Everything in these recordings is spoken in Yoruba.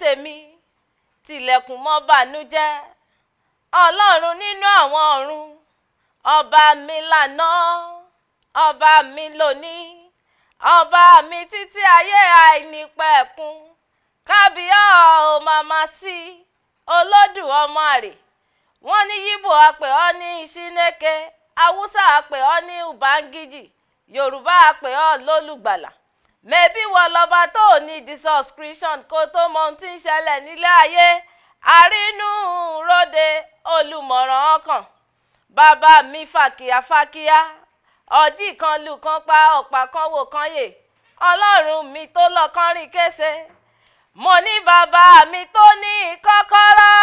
tèmi tilẹ̀kùn mọ́ bànújẹ́ ọlọ́run nínú àwọn ọ̀run ọba mi lànà ọba mi lónìí ọba mi títí ayé àìnípẹ̀kun kábíyá ò màmá sí olódù ọmọ rẹ̀ wọ́n ní yíbò àpè ọ́ ní ìṣínéke haúsá àpè ọ́ ní ubangiji yorùbá àpè ọ́ lólùgbàlà mẹ́bí wọ lọ́ba tó ní the subscription kó tó mọ ohun tí ń ṣẹlẹ̀ nílé ayé àrínú ròde olùmọ̀ràn ọkàn bàbá mi fàkíyàfàkíyà ọjí kan lù kan pa ọ̀pá kan wò kan yè ọlọ́run mi tó lọ́kàn rìn kése mo ní bàbá mi tó ní kọ́kọ́rọ́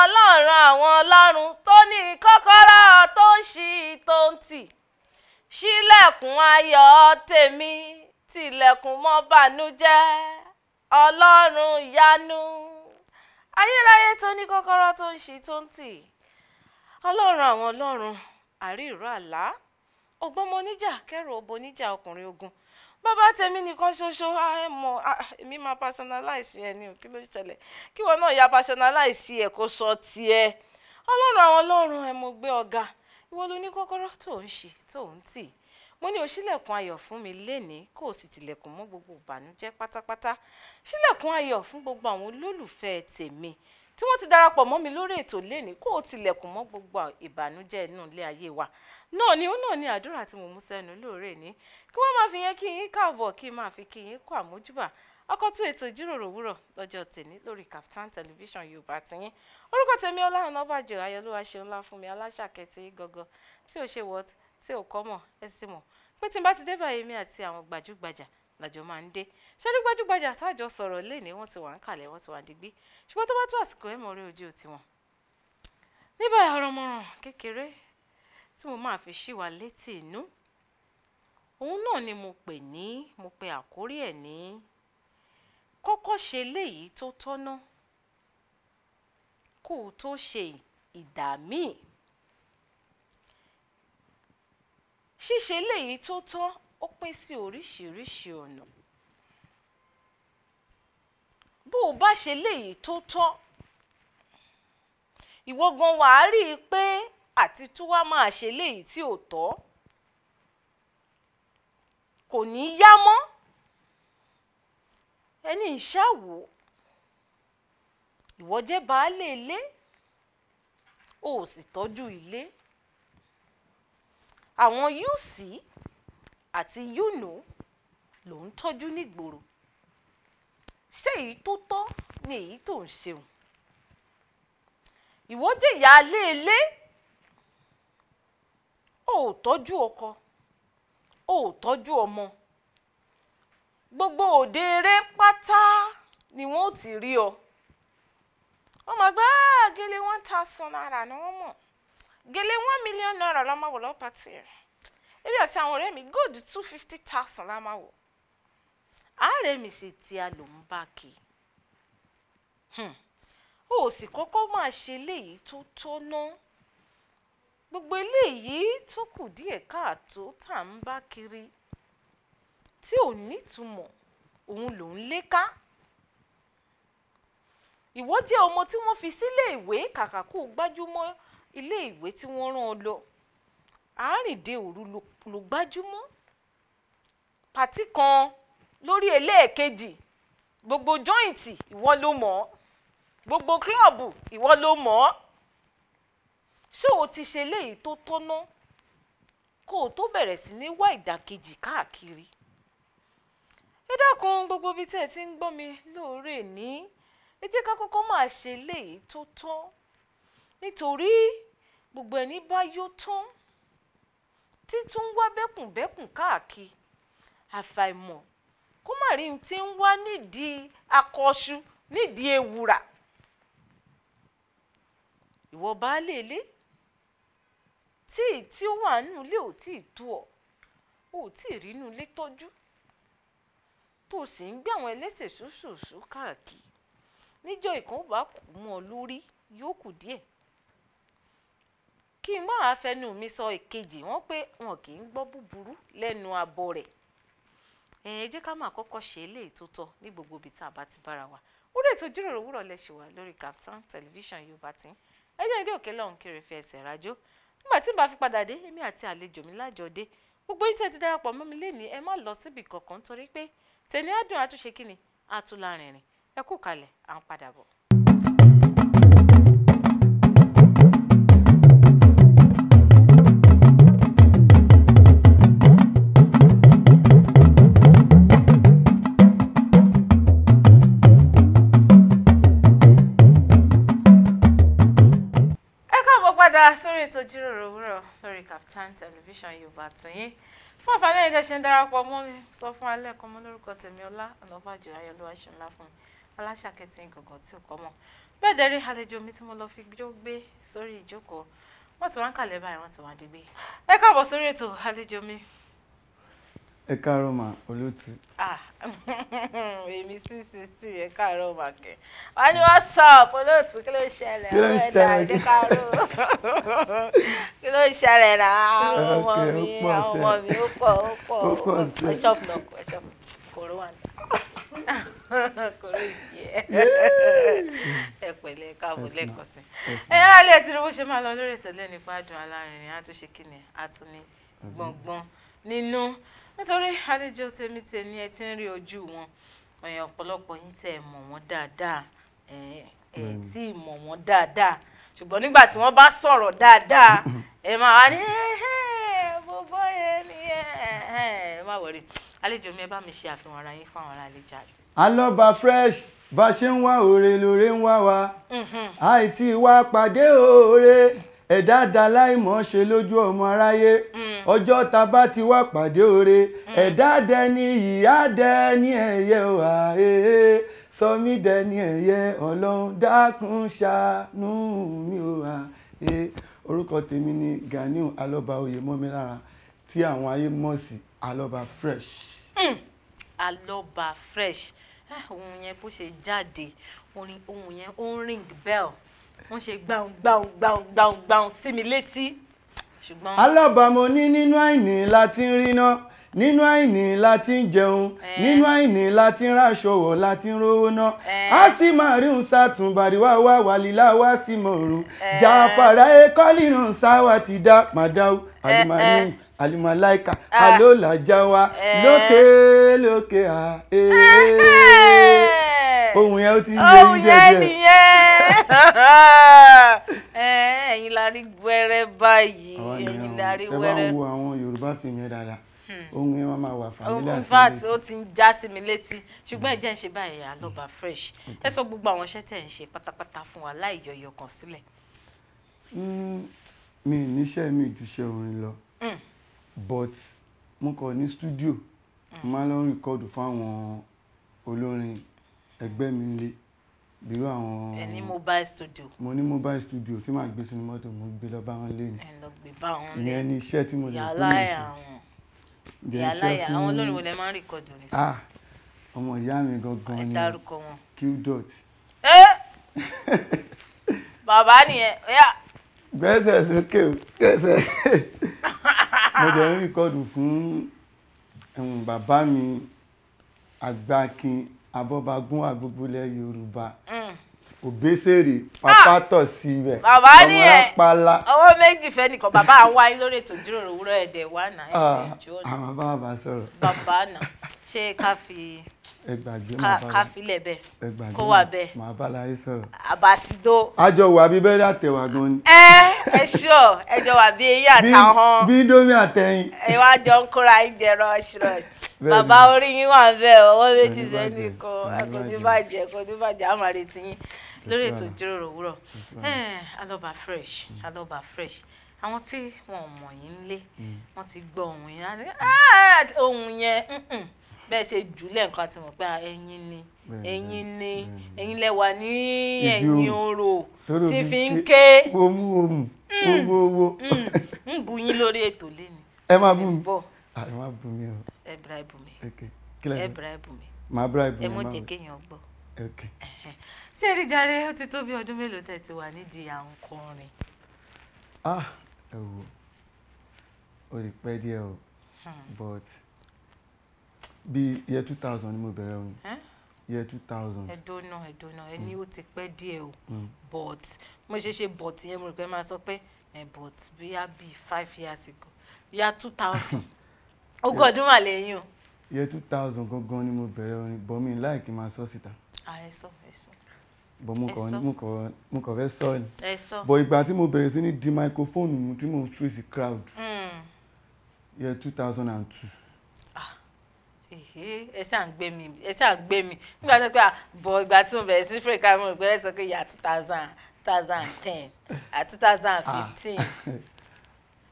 ọlọ́run àwọn ọlọ́run tó ní kọ́kọ́rọ́ tó ń ṣí tó ń tì ṣílẹ̀kùn ayọ̀ tèmi tilẹ̀kùn mọ́ bànújẹ́ ọlọ́run yanu ayérayé tó ní kọ́kọ́rọ́ tó ń ṣí tó ń tì ọlọ́run àwọn ọlọ́run àrí ìró àlá ògbọ́mọ oníjà kẹrù òbò oníjà ọkùnrin ogun bàbá tèmi nìkan ṣoṣo ẹ mọ èmi máa personalize ẹ ní kí ló ṣẹlẹ̀ kí wọn náà ya personalize ẹ kó sọ tiẹ̀ ọlọ́run àwọn ọlọ́run ẹ mo gbé ọ̀gá ìwọ ló ní kọ́kọ́rọ́ tó ń ṣí tó ń tì mo ní o ṣílẹ̀kùn ayọ̀ fún mi lénìí kó o sì tilẹ̀kùn mọ́ gbogbo ìbànújẹ́ pátápátá ṣílẹ̀kùn ayọ̀ fún gbogbo àwọn olólùfẹ́ tèmi tí wọ́n ti darapọ̀ mọ́ mi lórí ètò lénìí kó o tilẹ̀kùn mọ́ gbogbo ìbànújẹ́ inú ilé ayé wa náà ni ó náà ni àdúrà tí mo mú sẹ́nu lóore ní kí wọ́n máa fi yẹn kí yín káàbọ̀ kí n máa fi kí yín kó àmójúbà ọkọ tún ètò ìjíròrò òwúrọ̀ lọ́jọ́ tèmi lórí Kaftan television yorùbá tiyín orúkọ tèmi Ọlá Ọ̀nàbàjọ ayọ̀lúwa ṣe ńlá fún mi aláṣàkẹ́tì gọ́gọ́ tí ò ṣe wọ́t tí ò kọ́ mọ̀ ẹ sì mọ̀ pé tí n bá ti dé báyìí mi àti àwọn gbajúgbajà làjọ máa ń dé ṣẹ́rí gbajúgbajà táàjọ sọ̀rọ̀ léèní wọ́n ti wà ń kàlẹ̀ wọ́n ti wà ń digbí ṣùgbọ́n tó bá tó àsìkò ẹ̀ mọ̀ orí ojú tiwọn. níbà ọ̀rọ̀mọ̀ràn kékeré tí mo máa fi ṣì wá létí inú òun náà ni mo pè ní mo pe àkórí ẹ̀ ní kọ́kọ́ ṣe léyìí tó tọ́nà kó o tó ṣe ìdá míì ṣíṣe léyìí tó tọ́ ó pín sí oríṣiríṣi ọ̀nà bó o bá ṣe léyìí tó tọ́ ìwọ gan wàá rí i pé àti túwá máa ṣe léyìí tí ò tọ́ kò ní yá mọ́ ẹni ìṣàwò ìwọ jẹ́ baálé ilé o ò sì tọ́jú ilé àwọn yóò sí àti yúnú ló ń tọ́jú nígboro ṣé èyí tó tọ́ ni èyí tó ń ṣeun ìwọ jẹ́ ìyáálé ilé o ò tọ́jú ọkọ o ò tọ́jú ọmọ gbogbo òde eré pátá ni wọn ò ti rí ọ wọn mọ gbá ah, gèlè one thousand naira ni wọn mọ gèlè one million naira la máa wọ lọ́pàá pàtì ẹ̀ ebi àti àwọn ọ̀rẹ́ mi gold two fifty thousand la máa wọ ààrẹ mi ṣe tí a lò ń bá kí hmm. o ò sì kọ́kọ́ máa ṣe eléyìí tó tó ná gbogbo eléyìí tó kù díẹ̀ káàtó tá à ń bá kiri tí ò nítumọ̀ òun lòún lé ká ìwọ jẹ́ ọmọ tí wọ́n fi sílé ìwé kàkà kó gbájúmọ́ ilé ìwé tí wọ́n rán ọ lọ àárìndé òru ló gbájúmọ́ pàtí kan lórí ẹlẹ́ẹ̀kejì gbogbo jọ́ìntì ìwọ ló mọ̀ ọ́ gbogbo kílọ̀bù ìwọ ló mọ̀ ọ́ ṣé o ti ṣe léyìí tó tọ́ná kó o tó bẹ̀rẹ̀ sí ní wá ìdàkejì káàkiri dákun gbogbo ibi tẹ́ ẹ ti ń gbọ́ mi lóore ní ẹ jẹ́ ká kọ́kọ́ máa ṣe léyìí tó tọ́ nítorí gbogbo ẹni bá yó tán títún wá bẹ́kùnbẹ́kùn káàkiri àfàìmọ̀ kó má rí ti ń wá nídìí akọṣu nídìí ewùrà ìwọ baálé ilé tí tí ó wà nínú ilé ò tí tó ọ ò tí rí inú ilé tọ́jú tó o sì ń gbé àwọn ẹlẹ́sẹ̀ ṣoṣooṣo káàkiri níjọ́ ìkan bá kù mọ́ ọ lórí yóò kù díẹ̀ kí n máa fẹnu mi sọ èkejì wọn pé wọn kì í gbọ́ búburú lẹ́nu abọ rẹ̀ ẹ jẹ́ ká máa kọ́kọ́ ṣe eléyìí tó tọ́ ní gbogbo ibi tá a bá ti bára wa orí ètò ìjíròrò òwúrọ̀ lẹ ṣì lórí Kaftan television yorùbá tí ẹ jẹ́ òkè lọ́hùn kiri fi ẹsẹ̀ rájò nígbà tí n bá fi padà dé èmi àti àlejò mi lájọ dé gbogbo yín tẹ́ ti darapọ̀ mọ́ mi lé ní ẹ má lọ síbi kankan torí pé tẹ̀lé àdùn àtúnṣe kínni àtúnlárinrin ẹ kú kalẹ̀ à ń padà bọ̀. padà sórí ètò ìjíròrò òwúrọ̀ lórí Kaftan television yorùbá tìyín fún àǹfààní ẹ̀yin tẹ́ ṣe ń darapọ̀ mọ́ mi sọ fún alẹ́ ẹ̀kọ́ mọ́ lórúkọ tèmi ọlá ọ̀nàbàjọ ayọ̀lúwa ṣọlá fún mi aláṣàkẹ́tì gọ̀gọ̀ tí ò kọ́ mọ̀ bẹ́ẹ̀ dẹ́rí àlejò mi tí mo lọ fi gbé sórí ìjókòó wọ́n ti wá ń kàlẹ́ báyìí wọ́n ti wá dégbé ẹ káàbọ̀ sórí ètò àlejò mi ẹ káàárọ̀ mà olóòtú. Ah, èmi sí sixty ẹ káàárọ̀ mà kẹ wọn ni wọn sọ olóòtú kí ló ń ṣẹlẹ̀ ọmọ ẹ̀dá ẹdẹ káàárọ̀ kí ló ń ṣẹlẹ̀ náà àwọn ọmọ mi àwọn ọmọ mi ó pọ̀ ó pọ̀ ó pọ̀ ẹ ṣọpù náà ẹ ṣọpù kòró wà ní kòró ìsì ẹ ẹ pẹ̀lẹ́ káàbọ̀ lẹ́ẹ̀kan sí ẹ yára lè ti rí bó ṣe máa lọ lórí ìṣẹ̀lẹ̀ nípa àdùn alárinrin àtúnṣe kìnìún àtúní gbọngbọn nínú nítorí àlejò tèmi tèmi ẹ ti ń rí ojú wọn ẹ̀yìn ọ̀pọ̀lọpọ̀ yín tẹ́ ẹ mọ̀ wọ́n dáadáa ẹ tí ì mọ̀ wọ́n dáadáa ṣùgbọ́n nígbà tí wọ́n bá sọ̀rọ̀ dáadáa ẹ máa wá ní bọ́bọ́ yẹn ni ẹ má wọ̀rí àlejò mi ẹ bá mi ṣe àfihàn ara yín fáwọn ará àlejò àlè. alọ́ba fresh bá ṣe ń wá òre lóore ń wá wa àìtí wá pàdé òre ẹ̀dá da láìmọ̀ ṣe lójú ọmọ aráyé ọjọ́ ta bá ti wá pàdé oore ẹ̀dá dẹni ìyá dẹni ẹ̀yẹ wà ee sọmí dẹni ẹ̀yẹ ọlọ́run dákun ṣàánú mi ò wà ee orúkọ tèmi ni Ganiu Alọ́ba Oyèmọ́milára tí àwọn ayé mọ̀ sí Alọ́ba Fresh. Mm. Fresh ah, ohun yẹn bó ṣe jáde orin ohun yẹn ó ring bell wọ́n ṣe gbàùn gbàùn gbàùn gbàùn gbàùn sí mi létí. alábàámọ̀ ní nínú àìní la ti ń ríná nínú àìní la ti ń jẹun nínú àìní la ti ń ráṣọ wọ̀ la ti ń rówó ná a sì máa rí un sátún bàríwá wá wàlílà wá sí mọ̀ọ́rùn jàfàrà ẹ̀kọ́ lìrùn sáwà ti dá màdáwù àlùmáyé alimalaika alóòlájà wa lókè lókè à eh. Eh. ohun yẹn ó ti yé yín jẹjẹ. ẹ̀yin la rí wẹ́rẹ́ báyìí ẹ̀yin la rí wẹ́rẹ́. ẹ bá ń wo àwọn yorùbá fi yẹn dáadáa hmm. ohun yẹn máa wà fàmílà sí mi. in fact ó ti ń já sí mi létí ṣùgbọ́n ẹ ń ṣe báyìí àlọ́ba fresh ẹ sọ gbogbo àwọn iṣẹ́ tẹ̀ ń ṣe pátápátá fún wa láì yọ̀yọ̀ kan sílẹ̀. Hmm, mi níṣẹ́ mi jù ṣe orin lọ. Hmm but mo kàn ní studio máa lọ rìkọ́dù fáwọn olórin ẹgbẹ́ mi nílé bírú àwọn. ẹ ní mobile studio. mo ní mobile studio tí màá gbé sínú mọ́tò mo gbé lọ bá wọn lé ni. ìyẹn ni iṣẹ́ tí mo lè fún mi ṣe. yàrá yà àwọn olórin wo lẹ máa ń rìkọ́dù rẹ. ah ọmọ ìyá mi gangan ni ẹ dárúkọ wọn. q dot. bàbá nìyẹn. gbẹ́sẹ̀ sókè o gbẹ́sẹ̀ mo ah. dẹ̀ ń rìkọ́dù fún bàbá mi àgbàkin abọ́bagún àgbógbólẹ̀ yorùbá mm. òbésèrè ah. pàpàtọ̀ sí rẹ̀ bàbá ní ẹ̀ ọwọ́ méjì fẹ́ nìkan bàbá à ń wáyé lórí ètò ìjíròrò òwúrọ̀ ẹ̀dẹ̀ wà náà ẹ̀dẹ̀ ah. jọ́ ni àwọn bàbá sọ̀rọ̀ bàbá náà ṣé ká fi ẹ gbàgbé Ma bá ká filẹ̀ bẹ́ẹ̀ kó wà bẹ́ẹ̀ màá bá láyé sọ̀rọ̀ àbàsídó. àjọ wà bí bẹ́ẹ̀rẹ̀ àtẹ̀wà gan ni. ẹ ẹ ṣọ ẹjọ wà bí eyín àtàwọn. bí domi àtẹ̀yìn. ẹ wá jọ ń kóra oúnjẹ rush rush bàbá orí yín wà bẹ́ẹ̀ ọwọ́ méjì sẹ́ni kan akọni bàjẹ́ akọni bàjẹ́ àmàlẹ́ tiyín lórí ètò ìjíròrò òwúrọ̀ alọba fresh alọba fresh àwọn tí wọn ò mọ̀ yín lé mm. wọn ti gbọ́ ohun ah, yẹn ohun yẹn bẹ́ẹ̀ ṣe jù lẹ́ẹ̀kan ti mọ̀ pé ẹ̀yin ni ẹ̀yin ni ẹ̀yin lẹ́wà ní ẹ̀yìn orò tí fi ń ké omu omu mm, owó owó. Mm. ń bu yín lórí ètò lẹ́nu. ẹ máa bù mí ẹ máa bù mí o. ẹ bra ẹ bù mí ẹ bra ẹ bù mí màá bra ẹ bù mí ẹ mọ̀ jẹ́ kéèyàn gbọ́. ṣé ẹ jàre ó ti tó bí ọdún mélòó tẹ̀ ti wà nídìí à ń kọrin. ah ẹ wo o lè pẹ́ díẹ̀ o hmm. but. Hmm bí year two thousand ni mo bẹ̀rẹ̀ orin year two thousand. ẹ̀dọ́ náà ẹ̀dọ́ náà ẹni ó ti pẹ́ díẹ̀ o mm. but mo ṣe ṣe but yẹn mo rò pé máa sọ pé but bíyà bíi five years ago year two thousand ogún ọdún wà lẹ́yìn o. year two thousand gangan ni mo bẹ̀rẹ̀ orin but mi láìkí máa sọ síta. ẹ sọ ẹ sọ bọ mo kàn mo kàn mo kàn fẹ́ sọ ni bọ ìgbà tí mo bẹ̀rẹ̀ sí ní di microphone mu tí mo face crowd mm. year two thousand and two ẹ ṣáà ń gbé mi ẹ ṣáà ń gbé mi nígbà tó pé bọ̀ ìgbà tí mo bẹ̀rẹ̀ sí fúrẹ́ká mo gbé sọ pé yà two thousand two thousand ten àti two thousand fifteen ah.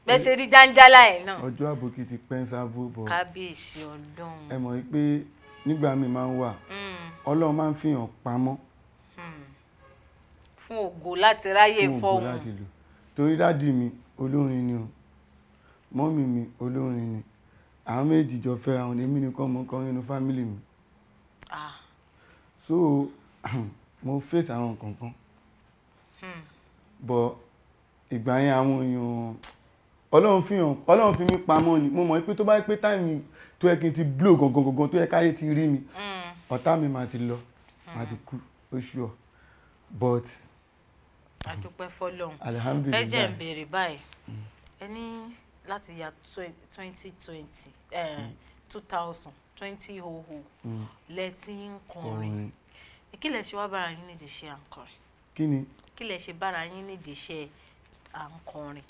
bẹ́ẹ̀ ṣe rí jáńjálá ẹ̀ náà. ọjọ́ àbòkí ti pẹ́ńsábò bọ̀ kábíyèsí ọlọ́run ẹ mọ̀ pé nígbà mi máa ń wà hmm. ọlọ́run máa ń fihàn pamọ́. Hmm. fún ògo láti ráyè fọ́ọ̀mù fún ògo láti torí dáàdì mi olórin ni o mọ́mì mi olórin ni àwọn méjì jọ fẹ́ra wọn èmi nìkan mo kọrin nínú fámìlì mi ah. so mo face àwọn kankan hmm. but ìgbà yẹn àwọn èèyàn ọlọ́run fi hàn ọlọ́run fi mí pamọ́ ni mo mọ̀ pé tó bá pé táìmì tó yẹ kí n ti blow gangan gangan tó yẹ káyé ti rí mi hmm. ọ̀tá mi máa ti lọ hmm. máa ti kú oṣù ọ̀ but. a dúpẹ́ fọlọ́run ẹ jẹ́ ń béèrè báyìí ẹ ní láti ya twenty twenty eh, mm. two thousand twenty oh oh lẹ ti ń kọrin kí lẹ ṣe wá bára yín nídìí iṣẹ́ à ń kọrin. kí ni. kí lẹ ṣe bára yín nídìí iṣẹ́ à ń kọrin.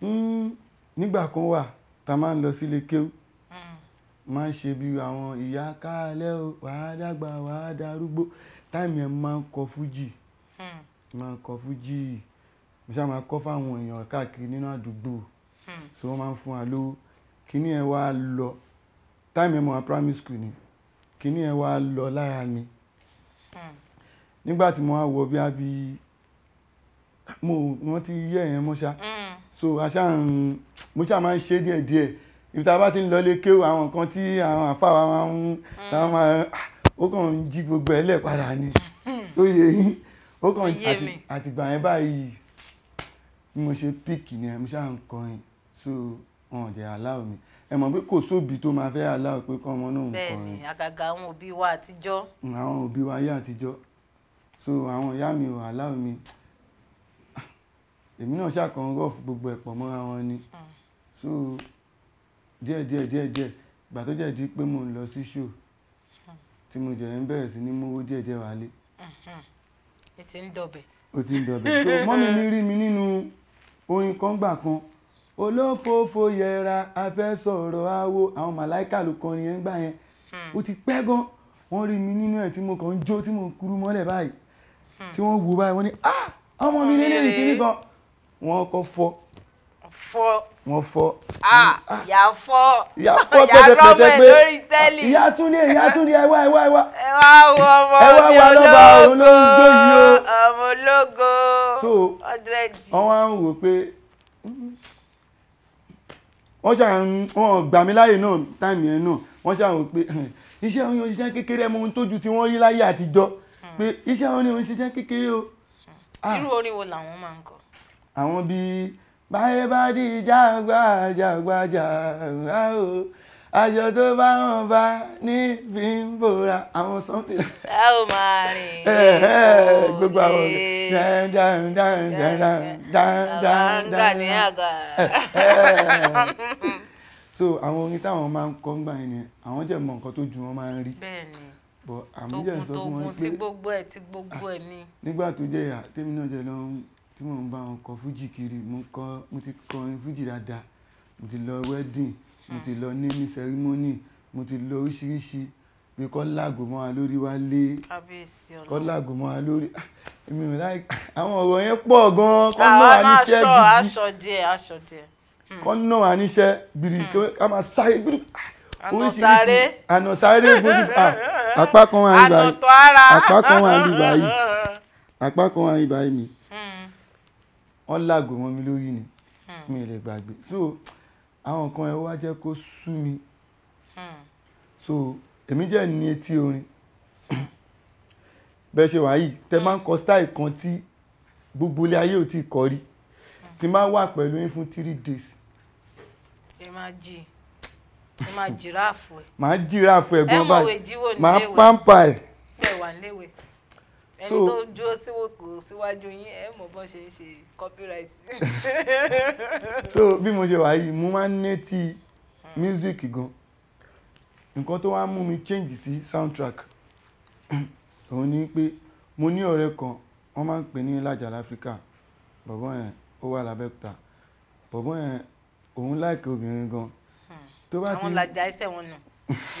Hmm, nígbà kan wà tá a máa ń lọ sílé kéwú hmm. máa ń ṣe bí àwọn ìyá kálẹ̀ o wàá dàgbà wàá darúgbó táìmì ẹ̀ máa ń kọ fújì hmm. máa ń kọ fújì mo ṣáà máa kọ fáwọn èèyàn káàkiri nínú àdúgbò so wọ́n máa ń fún wa lówó kíní ẹ̀ wá lọ táìmù ẹ̀ mọ̀ wá primary school ni kíní ẹ̀ wá lọ lára mi nígbà tí mo wá wọ bí abí mo wọ́n ti yẹ̀ yẹn mọ́ṣá so aṣá ń mo ṣáà máa ń ṣe díẹ̀ díẹ̀ ibi tá a bá ti ń lọlé kéwò àwọn nǹkan tí àwọn àfáà máa ń táwọn máa ah, ó kàn ń jí gbogbo ẹ̀ padà ni ó yẹ yín ó kàn àtìgbà yẹn báyìí bí mo ṣe píìkì ni mo ṣáà ń kọrin so wọn jẹ́ aláwọ̀ mi ẹ mọ̀ pé kò sóbi tó máa fẹ́ aláwọ̀ pé kọ́ ọmọ náà ń kọrin bẹ́ẹ̀ni àgàgà àwọn òbí wa àtijọ́ àwọn òbí wa ayé àtijọ́ so àwọn ìyá mi ò aláwọ̀ mi èmi náà ṣàkàn rọ́ọ̀fù gbogbo ẹ̀pọ̀ mọ́ra wọn ni hmm. so díẹ̀ díẹ̀ díẹ̀ díẹ̀ ìgbà tó jẹ́ di pé mo ń lọ sí ṣò hmm. tí mo jẹ̀ ń bẹ̀rẹ̀ sí ní mówó díẹ̀ díẹ̀ wálé. Hmm. ó ti ń dọ̀bẹ̀. ó ti ń dọ̀bẹ̀ so mọ́mi mi rí mi nínú orin kan gbà kan olófòfò yẹra afẹ́sọ̀rọ̀ awo àwọn màláìkà ló kọrin yẹn gbà yẹn hmm. ó ti pẹ́ gan wọ́n rí mi nínú ẹ̀ tí mo kàn ń jó tí mo kúrú mọ́lẹ̀ báyìí hmm. tí wọ́n wù báyìí wọ́n ní ah ọmọ mi lélẹ̀ ìkíní kan wọ́n kọ́ fọ́ fọ́ wọ́n fọ́ ah! ah! ìyá fọ́ ìyá fọ́ pé ìyá tún ní ìyá tún ní ẹwà ẹwà ẹwà ẹwà wọ ọmọ ẹwà wọ ọlọ́ba òun ọmọ ológo so wọ́n wá ń wò pé wọ́n ṣà ń wọ́n gbà mí láàyè náà táìmì yẹn náà wọ́n ṣà wọ́n pé iṣẹ́ òun ṣiṣẹ́ kékeré mo ń tójú tí wọ́n rí láyé àtijọ́ hmm. pé iṣẹ́ òun ni òun ṣiṣẹ́ kékeré o. Ah. irú orin wo làwọn máa ń kọ. àwọn bíi báyé bá di jàgbá jàgbá jàgbá o àjọ tó bá wọn bá ní fi ń bòra àwọn sọ́ńtì. ẹ ò máa rìn ìrìn gbogbo àwọn ọ̀rẹ́ dáhùn dáhùn dáhùn dáhùn dáhùn dáhùn so àwọn orin táwọn máa ń kọ́ gbà yẹn àwọn jẹ́ mọ nǹkan tó ju wọn máa ń rí bọ̀ àmì jẹ́ sọ fún wọn pé tí gbogbo ẹ̀ tí gbogbo ẹ̀ ni. Ah, nígbà tó jẹ́ ìyá tèmi náà jẹ́ lọ́hún tí mò ń bá wọn kọ fújì kiri mo ti kọrin fújì dáadáa mo ti lọ wẹ́dìn mo ti ah. lọ ní ní sẹrímọ́nì mo ti lọ oríṣiríṣi pé kọ́ láàgò mọ́ wa lórí wá lé kọ́ láàgò mọ́ wa lórí ah, èmi ò láì àwọn ọ̀rọ̀ yẹn pọ̀ gan-an kọ́ náà wà níṣẹ́ gidi aṣọ díẹ̀ aṣọ díẹ̀ kọ́ náà wà níṣẹ́ gidi ká máa sáré gidi ah, oríṣiríṣi àná sáré gbójú apá kan wà nígbà yìí apá kan wà nígbà yìí apá kan wà nígbà yìí mi hmm. wọ́n láàgò mọ́ mi lórí ni hmm. mi ò lè gbàgbé so àwọn nǹkan ẹ̀ wá jẹ́ kó sú mi hmm. so èmi jẹ́ ní etí orin bẹ́ẹ̀ ṣe wà yìí tẹ máa ń kọ style kan tí gbogbo ilé ayé ò tí ì kọ rí tí máa wà pẹ̀lú yín fún three days. ẹ máa jí ẹ máa jìráàfù ẹ. máa jìráàfù ẹ gan báyìí máa pàmpà ẹ. bẹ́ẹ̀ wà níléèwé ẹni tó dúró síwòkò síwájú yín ẹ mọ̀ bọ́n ṣe ṣe copyright. so bí mo ṣe wà yìí mo máa ń nẹ́tì hmm. music gan nǹkan tó wá mú mi change sí soundtrack òun ni pé mo ní ọ̀rẹ́ kan wọ́n máa ń pè ní lájà láfíríkà bọ̀bọ́ yẹn ó wà lábẹ́òkúta bọ̀bọ́ yẹn òun láìkè obìnrin gan tó bá ti. Hmm. àwọn làjà ẹsẹ̀ wọn nù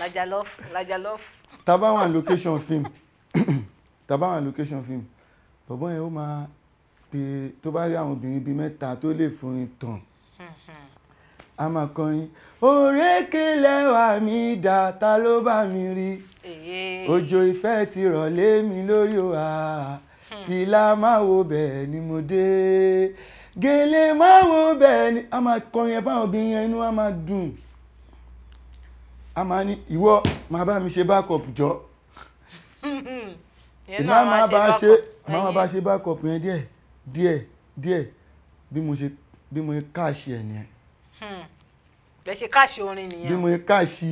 làjà lọ́ọ̀fù làjà lọ́ọ̀fù. tá a bá wà ní location film tàbá àwọn location film bọ̀bọ́ yẹn ó máa pe tó bá rí àwọn obìnrin bíi mẹ́ta tó lè forin tàn a máa kọrin òrékelẹ̀ wà mí dà ta ló bá mi rí òjò ìfẹ́ ti rọ̀ mi lórí o àá fìlà máa wo bẹ́ẹ̀ ni mo dé gèlè máa wo bẹ́ẹ̀ ni a máa kọrin ẹ fáwọn obìnrin yẹn inú a máa dùn a máa ní ìwọ máa bá mi ṣe backup jọ ìmọ̀ máa bá ṣe máa bá ṣe backup yẹn díẹ̀ díẹ̀ díẹ̀ bí mo ṣe bí mo ṣe káàṣì ẹ̀ nìyẹn. Hmm. bẹ́ẹ̀ ṣe káàṣì orin nìyẹn. bí mo ṣe káàṣì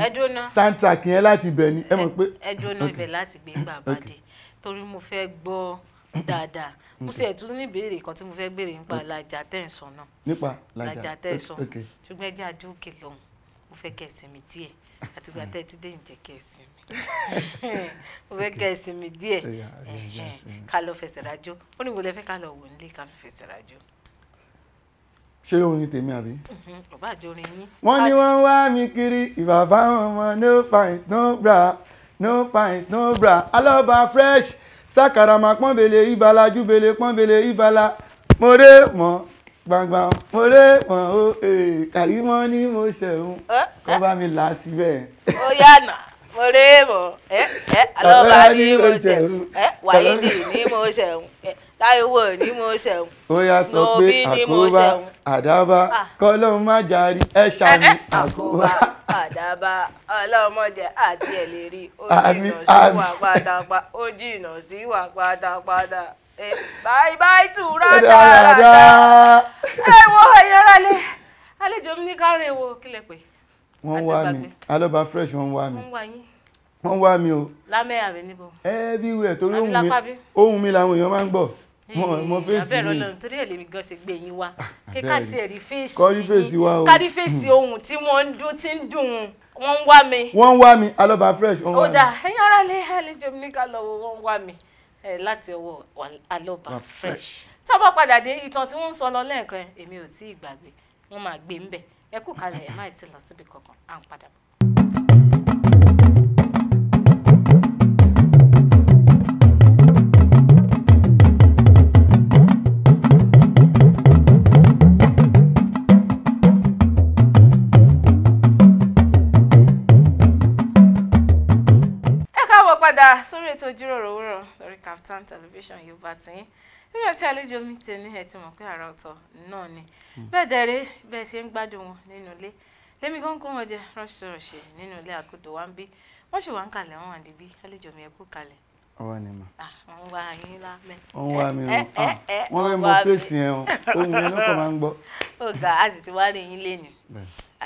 soundtrack yẹn láti ibẹ̀ ni ẹ mọ̀ pé. ẹ dúró ibẹ̀ láti gbé gbà bá dé torí mo fẹ́ gbọ́ dáadáa mo sì ẹ̀tún ní ìbéèrè kan tí mo fẹ́ béèrè nípa làjà tẹ̀sán náà. nípa làjà tẹ̀sán ṣùgbọ́n ẹ jẹ́ àdúgbò lòun mo fẹ́ kẹ́ ẹ díẹ̀ àtìgbà tẹ́ ti dé ǹjẹ́ mi mo fẹ́ kẹ́sì mi díẹ̀ ká lọ fẹsẹ̀ ó ní mo lè fẹ́ ká lọ wò nílé ká fi fẹsẹ̀ ṣé orin tèmi àbí. bàbá àjọ orin yín. wọ́n ní wọ́n wá mi kiri ìbàbá wọn mọ no pint no bra no pint no bra alọ́ba fresh sákàrà máa pọ́nbele ìbala júbele pọ́nbele ìbala mo dé mọ́ gbangba mo ré wọn o eh, kàrímọ́ ni mo ṣẹ̀hún kọ́ bá mi là á síbẹ̀. ó yànà mo ré wọn alọ́ba ni mo ṣẹ̀hún wàyídì ni mo ṣẹ̀hún táíwò ni mo ṣẹ̀hún ó yá sọ pé ah. àkóbá àdábá kọ́lọ́hún má járí ẹ ṣàmì àkóbá àdábá ọlọ́mọdé àti ẹ̀lérí ó jìnà sí wà pátápátá ó jìnà sí wà pátápátá báyìí báyìí tù rádàrádà àlejò mi ní kárẹ̀ wo kílẹ̀ pẹ̀. wọ́n wá mi alọ́ba fresh wọ́n wá mi wọ́n wá mi o. lámẹ́ àbẹ̀ níbo. everywhere torí ohun mi làwọn èèyàn máa ń gbọ́ mo fèsì mi abẹ́rẹ́ ọlọ́run torí ẹ̀ lèmi gan ṣe gbé yín wá ah, kíkà tí ẹ̀ rí fèsì kọ́rí fèsì wa o kárí fèsì ohun tí wọ́n ń dún tí ń dùn wọ́n ń wá mi. wọ́n ń wá mi alọ́ba fresh wọ́n wá mi. ó dà ẹ̀yin ará lè àlejò mi ní ká lọ wo wọ́n ń wá mi láti ọwọ́ alọ́ba fresh. tá wọ́n máa gbé ńbẹ̀ ẹ kú kalẹ̀ ẹ̀ má ti lọ síbi kankan à ń padà bọ̀. padà sórí ètò ìjíròrò òwúrọ̀ lórí Kaftan television yorùbá tiyín nígbà tí àlejò mi ti ní ẹ ti mọ̀ pé àrà ọ̀tọ̀ náà ni bẹ́ẹ̀ dẹ̀rẹ́ bẹ́ẹ̀ ṣe ń gbádùn wọn nínú ilé lẹ́mi kan kó wọn jẹ rọ́ṣọ̀rọ̀ṣẹ̀ nínú ilé àkótó wa ń bí wọ́n sì wá ń kalẹ̀ wọn wà níbí àlejò mi ẹ kú kalẹ̀ ọwọ́ ni mà. ń ah, wá yín lámẹ́. ó ń wá mi o eh, eh, ah, eh, wọ́n fẹ́ mọ fèsì yẹn o ohun yẹn ló kàn máa ń gbọ́. ọ̀gá a sì ti wá rí yín lẹ́nu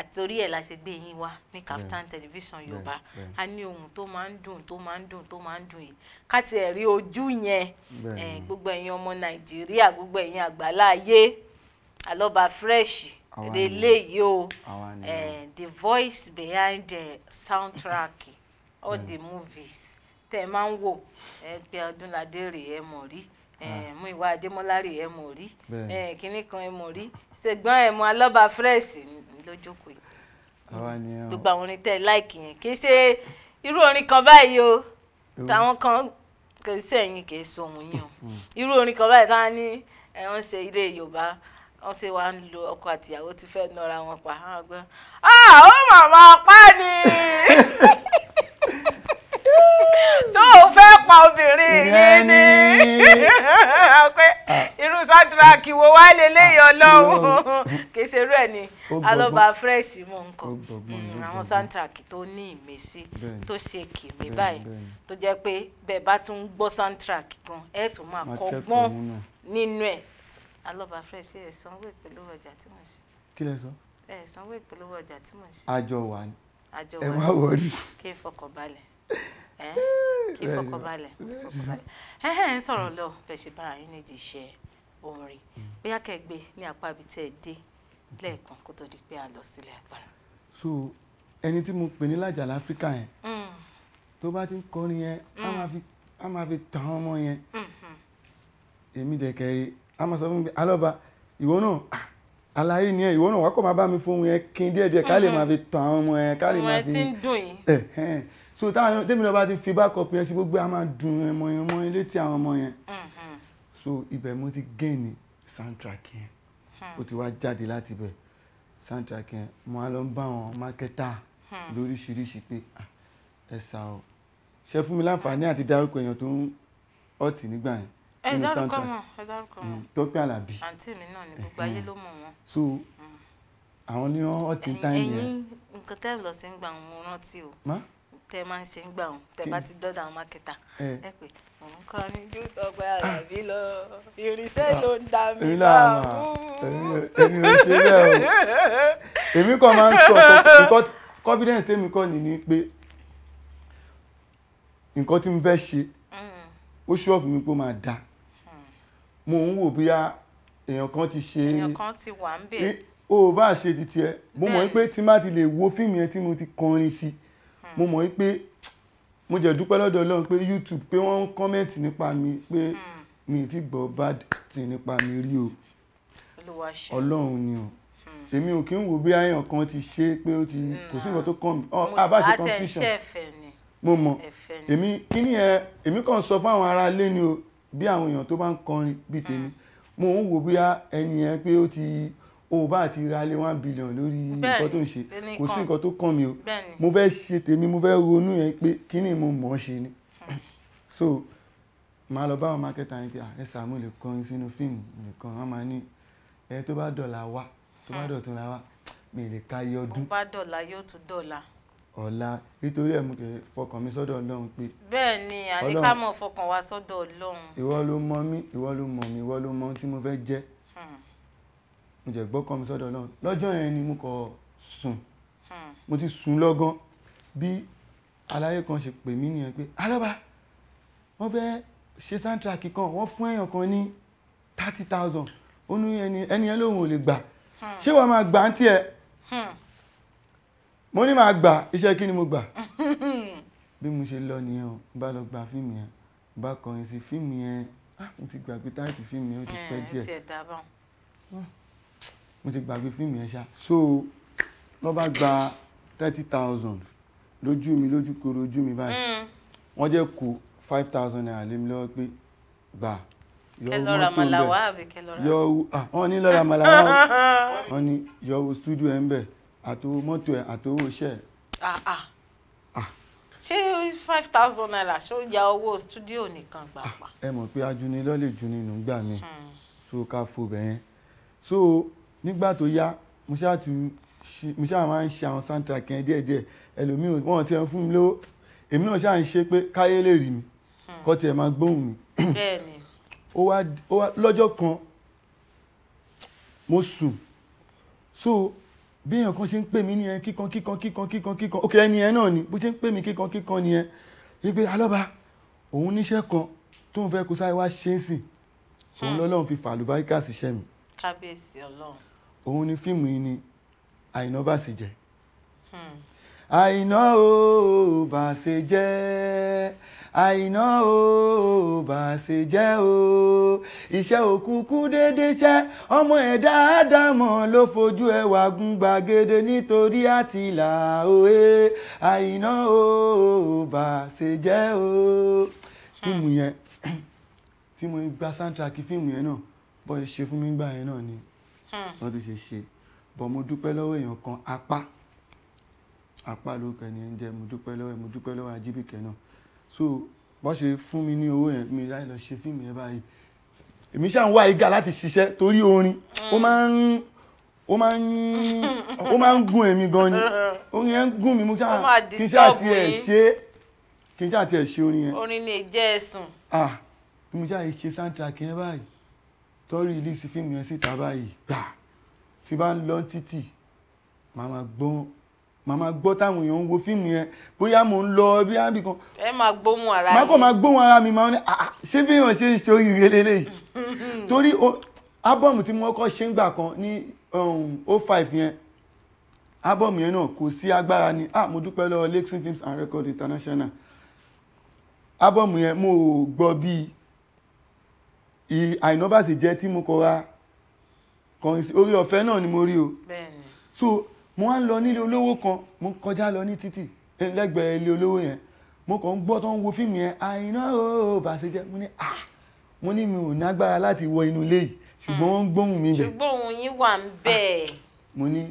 àtòrí ẹ̀ la ṣe gbé yín wá ní Kaftan television yorùbá a ní ohun tó máa ń dùn tó máa ń dùn tó máa ń dùn yìí ká tiẹ̀ rí ojú yẹn gbogbo ẹ̀yin ọmọ nàìjíríà gbogbo ẹ̀yin àgbáláyé àlọ́ba fresh eléyìí o the voice behind the soundtrack all the movies tẹ́ ẹ máa ń wò ẹ pé Ọdúnládé rèé ẹ mọ̀ rí ah. mú ìwà Adémọ́lá rèé ẹ mọ̀ rí kínní kan ẹ mọ̀ rí ṣègbọ́n ẹ mọ alọ́ba fresh lójókòó yìí gbogbo àwọn orin tẹ́ ẹ láìkì yẹn kì í ṣe irú orin kan báyìí o táwọn kan kì í sẹ́yìn kì í sọ̀hún yìí o mm, mm. irú orin kan báyìí táwọn ní ẹ̀ ṣe eré Yorùbá wọ́n ṣe wá lo ọkọ àtìyàwó ti fẹ́ nọra wọn pa àwọn gbọ́n ah ó màmá ọpá ni. pa obìnrin yìí ni pé ah. irú soundtrack wo wá lè léyìn ah, ọlọ́run kì í ẹ̀ ni alọ́ba fresh mò ń kọ mm, àwọn soundtrack tó ní ìmísí tó ṣe kìmí báyìí tó jẹ́ pé bẹ́ẹ̀ bá tún gbọ́ soundtrack gan ẹ̀ tún máa kọ́gbọ́n nínú ẹ̀ alọ́ba fresh ẹ̀ sanwó ìpolówó ọjà tí mo ṣe. kí lẹ sọ. ẹ sanwó ìpolówó ọjà tí mo ṣe. àjọ wà ní. àjọ wà ní ẹ má wọrí. kí fọkàn balẹ̀. kí fọkànbalẹ̀ kí fọkànbalẹ̀ ẹ̀hẹ́n sọ̀rọ̀ lọ bẹ́ẹ̀ ṣe bára yín nídìí iṣẹ́ orin mm. bóyá kẹ́gbẹ́ ní apá ibi tẹ́ ẹ dé lẹ́ẹ̀kan kó tó di pé a lọ sílẹ̀ agbára. so ẹni tí mo pè ní lájà láfíríkà yẹn mm. tó bá ti ń kọrin yẹn a máa mm. fi tàn án mọ́ yẹn èmi dẹ̀ kẹ́rì a máa sọ fún mi alọ́ba ìwọ náà àlàyé ni ẹ ìwọ náà wàá kọ́ máa bá mi fóun yẹn kí n díẹ̀díẹ̀ ká lè máa fi tàn án mọ́ yẹn mm-hmm. ká lè mm-hmm. máa fi. ìwọ̀n ẹ so táwọn tèmi náà bá ti fi backup yẹn sí gbogbo a máa dùn ẹmọ yẹn mọ ilé tí àwọn ọmọ yẹn mm-hmm. so ibẹ̀ mo ti gẹ́ẹ̀nì soundtrack yẹn hmm. ó ti wá jáde láti ibẹ̀ soundtrack yẹn mo á lọ ń bá àwọn mákẹ́tà hmm. lóríṣiríṣi pé ah, ẹ sà o ṣe fún mi láǹfààní àti dárúkọ èèyàn tó ń ọ̀tì nígbà yẹn ẹ dárúkọ wọn ẹ dárúkọ wọn mm, Tọ́pẹ́ Àlàbí àǹtí mi so hmm. àwọn ni wọn ọtí táyì yẹn. ẹyin nǹkan tẹ́ ẹ lọ sí ń gbà wọn rántí o tẹ ẹ máa ń ṣe ń gbà wọn tẹ bá ti dọ́dọ̀ àwọn mákẹ́tà ẹ pé òun kan ní ju ọgbà àlàbí lọ irinṣẹ́ ló ń dà mí láàmú. èmi ò ṣe bẹ́ẹ̀ o èmi kan máa ń sọ nǹkan confidence tèmi kọ́ ni ni pé nǹkan tí mo fẹ́ ṣe mm. ó ṣọ́ọ̀fù mi pé ó máa dáa mm. mo ń wò bí èèyàn kan ti ṣe èèyàn kan ti wà ń bẹ̀ o ò bá ṣe ti tiẹ̀ mo mọ̀ pé tí má ti lè wo fíìmù yẹn tí mo ti kọrin sí i mo mọ̀ pé mo jẹ́ dúpẹ́ lọ́dọ̀ ọlọ́run pé YouTube pé wọ́n ń kọ́mẹ̀ntì nípa mi pé hmm. mi ti gbọ́ bad thing nípa mi rí o ọlọ́run ni o hmm. èmi ò kí ń wo bí àyàn kan ti ṣe pé ó ti kò sí nǹkan tó kàn mí àbáṣe hmm. competition mo mọ̀ èmi kí ni ẹ èmi kàn sọ fáwọn ará ilé ni o bí àwọn èèyàn tó bá ń kọrin bíi tèmi mo ń wo bí ẹni yẹn pé ó ti o bá ti ra lé one billion lórí nǹkan tó ń ṣe kò sí nǹkan tó kàn mí o mo fẹ́ ṣe tèmi mo fẹ́ ronú yẹn pé kí ni mo mọ̀ ọ́ ṣe ni hmm. so màá lọ bá àwọn mákẹ́tà yẹn pé ẹ sàmú lè kọrin sínú fíìmù nìkan wọ́n máa ní ẹ tó bá dọ̀la wá tó bá hmm. dọ̀tún la wá mi lè ka yọ ọdún. bó bá dọ̀la yóò tún dọ̀la. ọ̀la nítorí ẹ̀ mú kẹ́ fọkàn mi sọ́dọ̀ ọlọ́run pé. bẹ́ẹ̀ ni àní ká mọ̀ fọkàn wa sọ́dọ̀ ọlọ́run. ìwọ ló mọ̀ mí ìwọ ló mọ̀ mí ìwọ ló mọ̀ ohun tí mo fẹ́ jẹ́ hmm mo jẹ́ gbọ́kàn mi sọ́dọ̀ Ọlọ́run lọ́jọ́ yẹn ni mo kọ sùn hmm. mo ti sùn lọ́gán bí aláyé kan ṣe pè mí nìyẹn pé alọ́ba wọ́n fẹ́ ṣe soundtrack kan wọ́n fún èèyàn kan ní thirty thousand ó ní ẹni yẹn lòun ò lè gbà hmm. ṣé wàá máa gbà á tiẹ̀ hmm. mo ní máa gbà iṣẹ́ kí ni mo gbà bí mo ṣe lọ nìyẹn o bá lọ gba fíìmù yẹn bá kọrin sí fíìmù yẹn ah, mo ti gbàgbé táìtì fíìmù yẹn ó ti eh, pẹ́ díẹ̀ mo ti gbàgbé fíìmù yẹn ṣá so lọ́ bá gba thirty thousand lójú mi lójú koro ojú mi báyìí mm. wọ́n jẹ́ kó five thousand naira lé mi lọ́wọ́ pé gbà kẹlọra malawa àbí kẹlọra yọ ah, wọn ní lọra malawa wọn ní yọ studio ẹ ń bẹ àtòwò mọ́tò ẹ àtòwò iṣẹ́ ẹ. Ah, ah. ṣé five thousand naira ṣó ya owó studio nìkan gbàgbà. ẹ mọ̀ pé ajunilọ́lẹ̀ juni nù gbà mí hmm. so ká fo bẹ̀yẹn so nígbà tó yá mo ṣáà tún mo ṣáà máa ń ṣe àwọn soundtrack yẹn díẹ̀díẹ̀ ẹlòmíì wọn ti ń fún mi lówó èmi náà ṣáà ń ṣe pé káyé lè rí mi hmm. kọ́ tiẹ̀ máa gbóhùn mi. bẹ́ẹ̀ni. ó wá lọ́jọ́ kan mo sùn so bí èèyàn kan ṣe ń pè mí nìyẹn kíkan kíkan kíkan kíkan kíkan òkè ẹni náà ni bó ṣe ń pè mí kíkan kíkan nìyẹn wípé alọ́ba òun níṣẹ́ kan tó ń fẹ́ kó sáré wá ṣe é sìn hmm. òun lọ́lọ́run fi fàlùbáríkà síṣẹ́ mi. kábíyèsí ọlọ́run òun ni fíìmù yìí ni àìná bá sì jẹ́ hmm. àìná ó bá ṣe jẹ́ àìná ó bá ṣe jẹ́ o iṣẹ́ òkúkú dédé ṣẹ́ ọmọ ẹ̀dá àdámọ̀ ló fojú ẹwà gun gbàgede nítorí àtìlà òye àìná ó bá ṣe jẹ́ o fíìmù hmm. yẹn tí mo gba soundtrack fíìmù yẹn náà bó ṣe fún mi gbà yẹn náà ni. Hmm. wọ́n tún ṣe ṣe bọ̀ mo dúpẹ́ lọ́wọ́ èèyàn kan apá apá lórúkọ ẹni ń jẹ́ mo dúpẹ́ lọ́wọ́ mo dúpẹ́ lọ́wọ́ ajíbìkẹ́ náà so bọ́n ṣe fún mi ní owó yẹn mi láì lọ ṣe fíìmù yẹn báyìí èmi ṣáà ń wá igá láti ṣiṣẹ́ torí orin ó máa ń ó máa ń ó máa ń gún èmi gan ni orin yẹn ń gún mi mo ṣáà kí n ṣáà tiẹ̀ ṣe kí n ṣáà tiẹ̀ ṣe orin yẹn orin lè jẹ́ ẹ̀sùn ah mo ṣáà ṣe soundtrack yẹn báyìí tó rìlíìsì fíìmù yẹn síta báyìí gbà tí bá ń lọ títì màá máa gbọ́ màá máa gbọ́ táwọn èèyàn ń wo fíìmù yẹn bóyá mò ń lọ bí ábì kan. ẹ máa gbóhùn ara yín. máa kọ́ máa gbóhùn ara mi máa ní ah, ah, ṣé bí èèyàn ṣe ń ṣe oríire lélẹ́yìí torí ábọ̀mù tí mo kọ́ ṣe ń gbà kan ní um, o oh five yẹn ábọ̀mù yẹn náà kò sí agbára ni ah mo dúpẹ́ lọ́wọ́ Lexington Films and Record International ábọ̀mù yẹn mo gbọ́ bíi àìná bá sì jẹ́ tí mo kọra kọrin sí orí ọ̀fẹ́ náà ni mo rí o so mo wá ń lọ nílé olówó kan mo kọjá lọ ní títì lẹ́gbẹ̀ẹ́ ilé olówó yẹn mo kàn ń gbọ́ tó ń wo fíìmù yẹn àìná o bá ṣe jẹ́ mo ní ah mo ní mi ò nágbára láti wọ inú ilé yìí ṣùgbọ́n wọ́n ń gbóhùn mi bẹ̀ ṣùgbọ́n òun yín wà ń bẹ̀ mo ní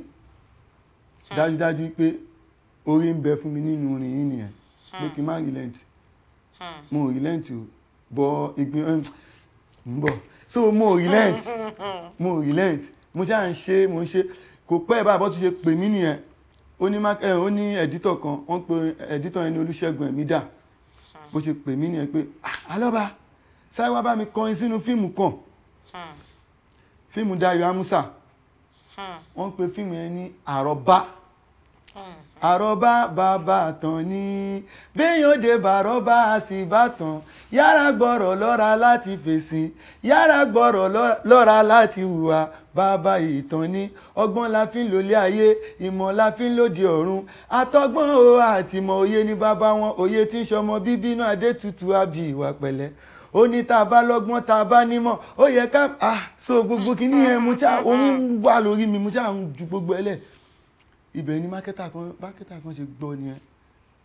dájúdájú pé orí ń bẹ fún mi nínú orin yìí nìyẹn pé kí n má relent hmm. Hmm. mo relent o bọ ìgbìyànjú ń bọ̀ so mo relent mo relent mo ṣáà ń ṣe mo ń ṣe kò pẹ́ bá àbọ̀ tó ṣe pè mí nìyẹn ó ní ẹ eh, ó ní ẹ̀dítọ̀ kan wọ́n pe ẹ̀dítọ̀ yẹn ní Olúṣẹ́gun ẹ̀mí dà bó ṣe pè mí nìyẹn pé ah, alọ́ba sáré wá bá mi kọrin sínú fíìmù kan fíìmù Dayọ̀ Amusa hmm. wọ́n pe fíìmù yẹn ní àrọ́bá. Hmm àrọ́bá bàbá tán ni béèyàn dé bàrọ́bá àṣìbàtàn yára gbọ́rọ̀ lọ́ra láti fèsì yára gbọ́rọ̀ lọ́ra láti hùwà bàbá ìtàn ni ọgbọ́n la lólé ayé ìmọ̀ la fi ń lòdì ọ̀run àtọgbọ́n o àtìmọ̀ òye ni bàbá wọn òye tí ń ṣọmọ bíbínú adétutù àbí ìwà pẹ̀lẹ́ ó ní tá a bá lọ́gbọ́n tá a yẹ ká ah, so gbogbo kí ni ẹ mú ṣá omi wà lórí mi mú ṣá ń ju gbogbo ẹ lẹ̀ ibẹ̀ ni mákẹ́tà kan mákẹ́tà kan ṣe gbọ́ nìyẹn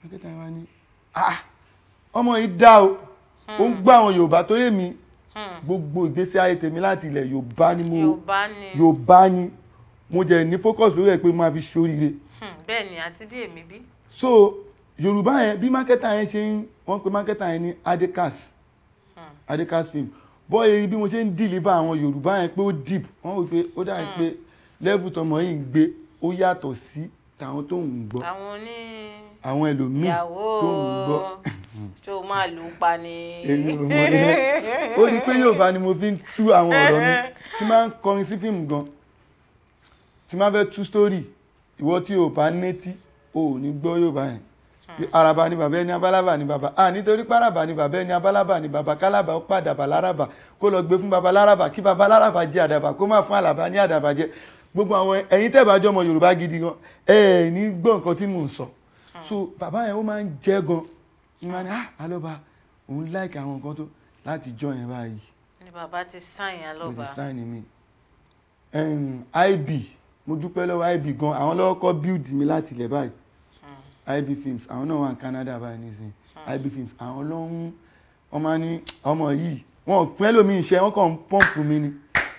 mákẹ́tà yẹn wá ní ah ọmọ yìí dá o ó ń gbọ́ àwọn yorùbá torí mi hmm. gbogbo ìgbésí ayé tèmi láti ilẹ̀ yorùbá ni mo yorùbá ni mo jẹ́ ní focus lórí ẹ̀ pé máa fi ṣoríire. Hmm, bẹ́ẹ̀ ni àti bí èmi bí. so yorùbá yẹn bí mákẹ́tà yẹn ṣe ń wọ́n pe mákẹ́tà yẹn ní adekas hmm. adekas film bọ́ọ̀yì bí mo ṣe ń deliver àwọn yorùbá yẹn pé ó deep wọ́n wò pé ó dà pé level tọmọ yìí ń gbé ó yàtọ̀ sí tàwọn tó ń gbọ́ àwọn ní àwọn ẹlòmíì tó ń gbọ́ tó máa lù ú pa ni. èmi ò mọ ẹ ó rí i pé Yorùbá ni mo fi ń tú àwọn ọ̀rọ̀ mi tí máa ń kọrin sí fíìmù gan tí máa fẹ́ tú sítórì ìwọ tí ò bá nétí o ò ní gbọ́ Yorùbá yẹn araba ni baba. ẹni abálábà ni bàbá ah nítorí páraba ni baba ẹni abálábà ni bàbá kálábà ó pàdàbà láraba kó lọ gbé fún baba láraba kí baba láraba jẹ àdàbà kó má fún àlàbà ní àdàbà jẹ gbogbo àwọn ẹ̀yin tẹ́ bá jọ ọmọ Yorùbá gidi gan ẹ ní gbọ́ nǹkan tí mò ń sọ so bàbá yẹn ó máa ń jẹ́ gan ní ma ní ah alọ́ba òun láìka àwọn nǹkan tó láti jọ yẹn báyìí. ni bàbá ti sáìn alọ́ba mo ti sáìn mi IB mo dúpẹ́ lọ́wọ́ IB gan àwọn lọ́wọ́ kọ́ build mi láti ilẹ̀ báyìí hmm. IB films àwọn náà wà ní Canada báyìí nísìnyí hmm. IB films àwọn lọ́hún ọmọ ní ọmọ yìí wọn ò fún ẹlòmíì iṣẹ́ wọn kàn ń pọ́ǹpù mi ni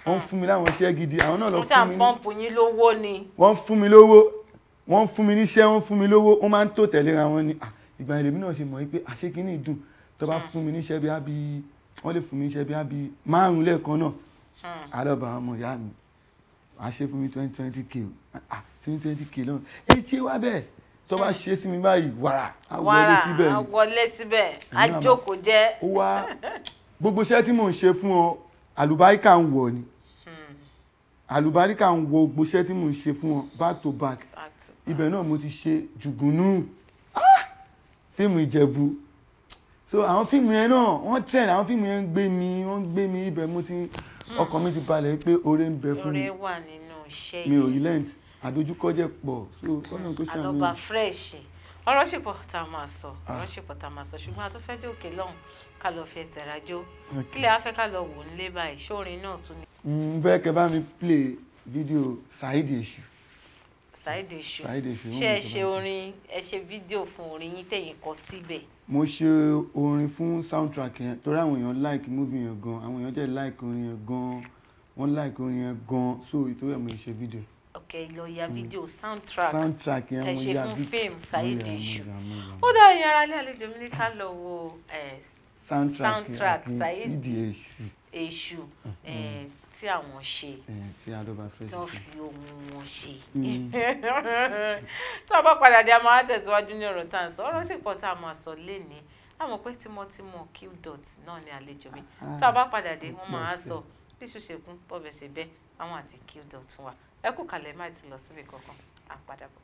wọ́n fún mi láwọn iṣẹ́ gidi àwọn náà lọ fún mi ní. wọ́n ṣe àpọ́ǹpù yín lówó ni. wọ́n fún mi lówó wọ́n fún mi níṣẹ́ wọ́n fún mi lówó wọ́n máa ń tò tẹ̀léra wọn ni ìgbà ìlèmí náà ṣe mọ̀ wípé àṣekínní ìdùn tó bá fún mi níṣẹ́ bí ábí wọ́n lè fún mi níṣẹ́ bí ábí márùn lẹ́ẹ̀kan náà àdọ́bà hmm. ọmọ ìyá mi wàá ṣe fún mi twenty twenty k twenty twenty k lọ́nà èyí tí wá bẹ́ẹ̀ tó bá ṣe sí mi báyìí wàrà àwọlé síbẹ̀ wàrà àwọlé síbẹ̀ àjòkò jẹ́. ó wá gbogbo iṣẹ́ tí mò ń ṣe fún ọ àlùbáríkà ń wọ̀ ni àlùbáríkà ń wo gboṣẹ́ tí mò ń ṣe fún wọn back to back ibẹ̀ náà mo ti ṣe jùgùnú ah! fíìmù ìjẹ̀bú so àwọn fíìmù yẹn náà wọ́n trend àwọn fíìmù yẹn ń gbé mi wọ́n ń gbé mi ibẹ̀ mo ti ọkàn mi ti balẹ̀ pé oore ń bẹ fún mi mi ò relent àdójúkọ jẹ́ pọ̀ so ọlọ́run kò ṣàmì. àlọ́ba fresh ọ̀rọ̀ sì pọ̀ tá a máa sọ ah. ọ̀rọ̀ sì pọ̀ tá a máa sọ ṣùgbọ́n a tún fẹ́ dé òkè lọ́hùn ká lọ fi ẹsẹ̀ rajó kílẹ̀ afẹ́ ká lọ wò nílé báyìí ṣórin náà tún ni. n fẹ́ kẹ́ bá mi play fídíò Saheed Osu. Saheed Osu ṣé ẹ ṣe orin ẹ ṣe fídíò fún orin yín tẹ̀yìn kọ síbẹ̀. mo ṣe orin fún soundtrack yẹn torí àwọn èèyàn like movie yẹn gan àwọn èèyàn jẹ́ like orin yẹn gan wọ́n like orin yẹn gan so ìtòwé mo ṣe fídíò kẹ ìlọ ya fídíò soundtrack soundtrack yẹn mo ya tẹ̀sẹ̀ fún fame Saheed Osupa ó dá ìyẹn ara lé àlejò mi ní ká lọ wo soundtrack Saheed Osupa mm-hmm. tí àwọn ṣe tí wọ́n fi ohun wọn ṣe mm. tí wọ́n bá padà dé a máa tẹ̀síwájú ní ọ̀rọ̀ tá à ń sọ ọ̀rọ̀ sì pọ̀ tá a máa sọ lénìí àmọ́ pé tímọ́tímọ́ q dot náà ni àlejò mi ah. tá a bá padà dé wọ́n máa sọ bí ṣùṣẹ́kùn bọ́bẹ̀ ṣe bẹ́ àwọn àti q wà ẹ kú kalẹ̀ má ti lọ síbi kankan à ń padà bọ̀.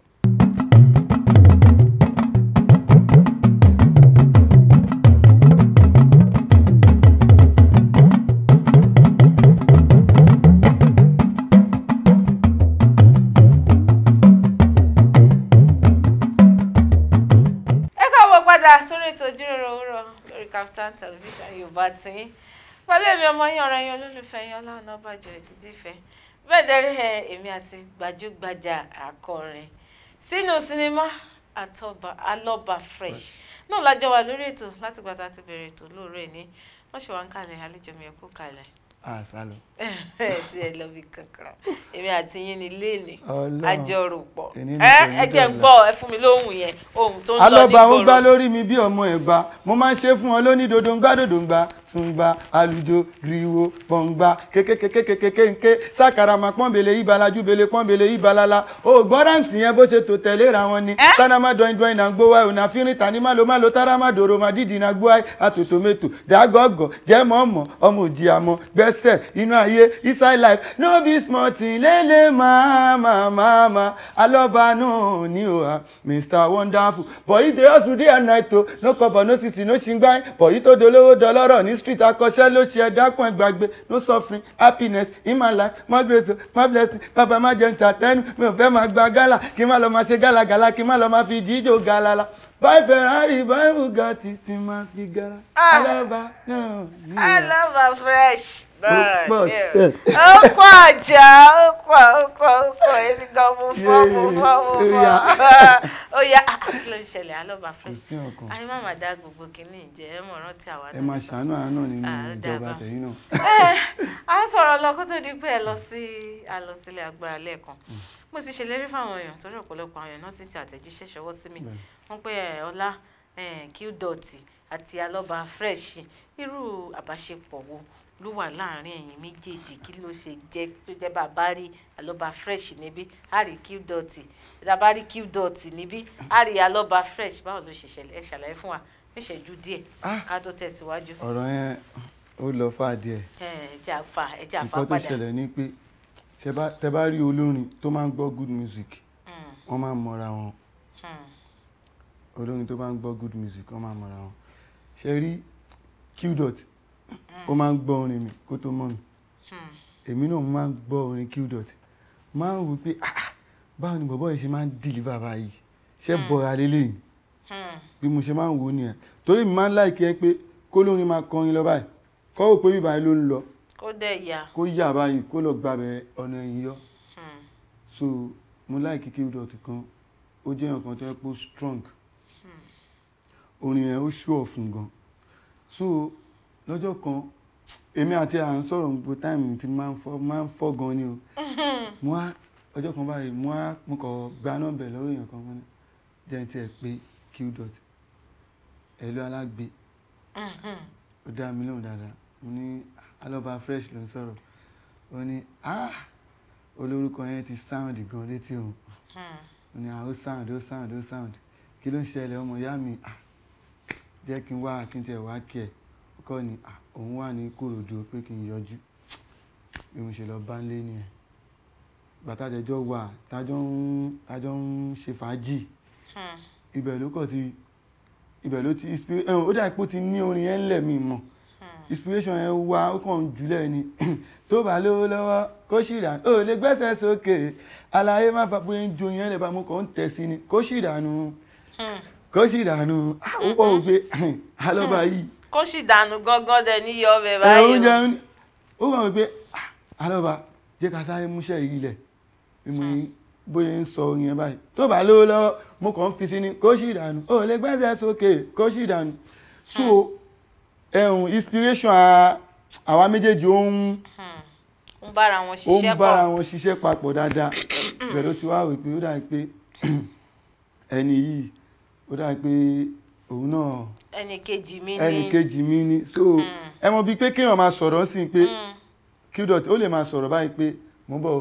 Kaftan television yorùbá tí pẹ̀lú èmi ọmọ yín ọ̀rọ̀ yín olólùfẹ́ yín Ọlá Ọ̀nàbàjọ́ ètùtù ìfẹ́ bẹ́ẹ̀ dẹ́rẹ́ ẹ èmi àti gbajúgbajà akọrin sínú sinimá àtọba alọba fresh náà lájọ wà lórí ètò látìgbà tá a ti bẹ̀rẹ̀ ètò lóòrè ní wọ́n ṣe wá ń kalẹ̀ àlejò mi ẹ̀kú kalẹ̀ a sá lọ. ti ẹ lọ bí kankan èmi àti yín ni léèlè àjọrò pọ̀ ẹ jẹ́ ń gbọ́ ẹ fún mi lóhùn yẹn ohun tó ń lọ nígboro. alọba ń gbá lórí mi bí ọmọ ẹ̀gbá mo máa ń ṣe fún ọ lóní dodo ń gbá dodo ń gbá tún gbá alujo griwo pọ̀ngbá kékékékékékéké sákàràmà pọ́nbélé ibalajú bele pọ́nbélé ibalala o gbọ́dọ̀ ǹsìn yẹn bó ṣe tò tẹ̀lé ra wọn ni sanama dọ́in dọ́in na gbówá ẹ̀ ònà fínrin tani málo málo tárámà dòrò màdídì na gbówá àtòtòmẹ́tò dàgọ́gọ́ jẹ́mọ́ọ̀mọ́ ọmọ òjì àmọ́ ẹsẹ̀ inú ayé inside life no be small thing lélẹ̀ màmá màmá alọ́bànú ni o ah mr wonderful boy dey hustle day and night o no cover no city no ṣingbáyé boy tó dolówó dọlọ́rọ̀ ní street akọ́ṣẹ́ ló ṣe ẹ̀dákùn ẹgbàgbé no suffering happiness in my life my grace my blessing bàbá má jẹun ṣàtẹ́nu mi ò fẹ́ máa gba gálà kí n má lọ máa ṣe gálagàlà kí n má lọ máa fi jíjó gálala báyìí ferrari báyìí bugatti ti máa fi gara. alaba náà. alaba fresh bẹ́ẹ̀ ó kọ àjà ó kọ ó kọ ó kọ èmi gan mo fọ mo fọ mo fọ ó yá kí ló ń ṣẹlẹ̀ alọba fresh ayé má máa dá gbogbo kínní ìjẹ ẹ mọ rántí àwa náà. ẹ máa ṣàánú àánú ah, nínú ìjọba tẹ̀yìn náà. Eh, a sọ̀rọ̀ lọ kó tó di pé ẹ lọ sí àlọsílẹ̀ agbára lẹ́ẹ̀kan mm. mo sì ṣèlérí fáwọn èèyàn torí ọ̀pọ̀lọpọ̀ àwọn èèyàn náà ti ti àtẹ̀jíṣẹ́ ṣọwọ́ sí mi wọ́n pé eh, ọlá eh, qdot àti alọba fresh irú àbáṣepọ̀ wo ló wà láàrin ẹ̀yin méjèèjì kí ló ṣe jẹ́ tó jẹ́ bàbá rí àlọ́ba fresh níbí àrí q dọ́tì bàbá rí q dọ́tì níbí àrí àlọ́ba fresh báwo ló ṣe ṣẹlẹ̀ ẹ ṣàlàyé fún wa níṣẹ́jú díẹ̀ ah! ká tó tẹ̀síwájú. ọ̀rọ̀ yẹn ó lọ fà díẹ̀ ẹ̀jẹ̀ àfa ẹ̀jẹ̀ àfa padà nǹkan tó ṣẹlẹ̀ ni pé tẹ bá rí hmm. hmm. olórin tó máa ń gbọ́ good music wọ́n máa ń mọra wọn olórin tó máa ń gbọ́ good music wọ́n máa ń mọra wọn ṣe rí q dọ́tì ó máa ń gbọ́ orin mi kó tó mọ̀ mi èmi náà máa ń gbọ́ orin q dot máa ń wò pé ah, ah, báwo ni bọ̀bọ́ yìí ṣe máa ń deliver báyìí ṣé hmm. bọ̀ra lélẹ̀ ni hmm. bí mo ṣe máa ń wò ó nìyẹn torí mi máa ń láìkẹ́ pé kó lórin máa kọrin lọ báyìí kọ́ wò pé bíbá yìí ló ń lọ kó dẹ̀ yà kó báyìí kó lọ gbàbẹ̀ ọ̀nà ẹ̀yìn yọ hmm. so mo láìkí q dot kan ó jẹ́ nǹkan tó yẹ kó strong orin yẹn ó ṣú ọ̀fun gan so lọ́jọ́ kan èmi àti à ń sọ̀rọ̀ gbogbo táìmù tí máa ń fọ́ máa ń fọ́ gan ni o mo á ọjọ́ kan báyìí mo á mo kàn gba nọ́ọ̀bẹ̀ lọ́wọ́ èèyàn kan fún mi jẹ́ ti ẹ̀ pé q dot ẹ̀lú alágbe ó dá mi lóhùn dáadáa mo ní alọ́ba fresh ló ń sọ̀rọ̀ ó ní ah olórúkọ yẹn ti sound gan létí òun ó ní ah, ó sound ó sound ó sound kí ló ń ṣẹlẹ̀ ọmọ ìyá mi ah jẹ́ kí n wá kí n tiẹ̀ wá kí ẹ̀ kọ́ ni òun wà ní kòròdú pé kí n yọjú bí mo ṣe lọ bá ń lé ni ẹ̀ bàtà àjẹjọ́ wà tájọ́ ń tájọ́ ń ṣe fàájì hmm. ibẹ̀ ló kọ̀ ti ibẹ̀ ló ti ó dà pé ó ti ní orin yẹn lẹ̀ mí mọ̀ hmm. inspiration yẹn wá ó kàn ń jùlẹ̀ ni tó bá lówó lọ́wọ́ kó sì dànù ó lè gbẹ́sẹ̀ sókè àlàyé má fa bóyá ń jo yẹn lè ba mú kàn ń tẹ̀ sí ni kó sì dànù hmm. kó sì ó pọ̀ mm-hmm. ògbé alọ́ba yìí kó sì dànù gángan dẹ níyọ ọbẹ̀ báyìí. oúnjẹ ó wà wípé ah, alọba jẹ́ ká sáré múṣẹ́ yìí lẹ̀ mímú yín bóyá ń sọ orin yẹn báyìí tó bá lówó lọ́wọ́ mo kàn fi sí ni kó sì dànù ó lè gbẹ́sẹ̀ sókè kó sì dànù so hmm. ẹ̀hún inspiration àwa méjèèjì ó ń hmm. ó ń bára wọn ṣiṣẹ́ pọ̀ ó ń papọ̀ dáadáa hmm. bẹ̀rẹ̀ ó ti wípé ó dà pé ẹni yìí ó dà pé òun náà ẹnìkejì mi ni ẹnìkejì mi ni so hmm. ẹ mọ̀ bíi pé kéèyàn máa sọ̀rọ̀ sí i pé hmm. qdot ó lè máa sọ̀rọ̀ báyìí pé mo bọ̀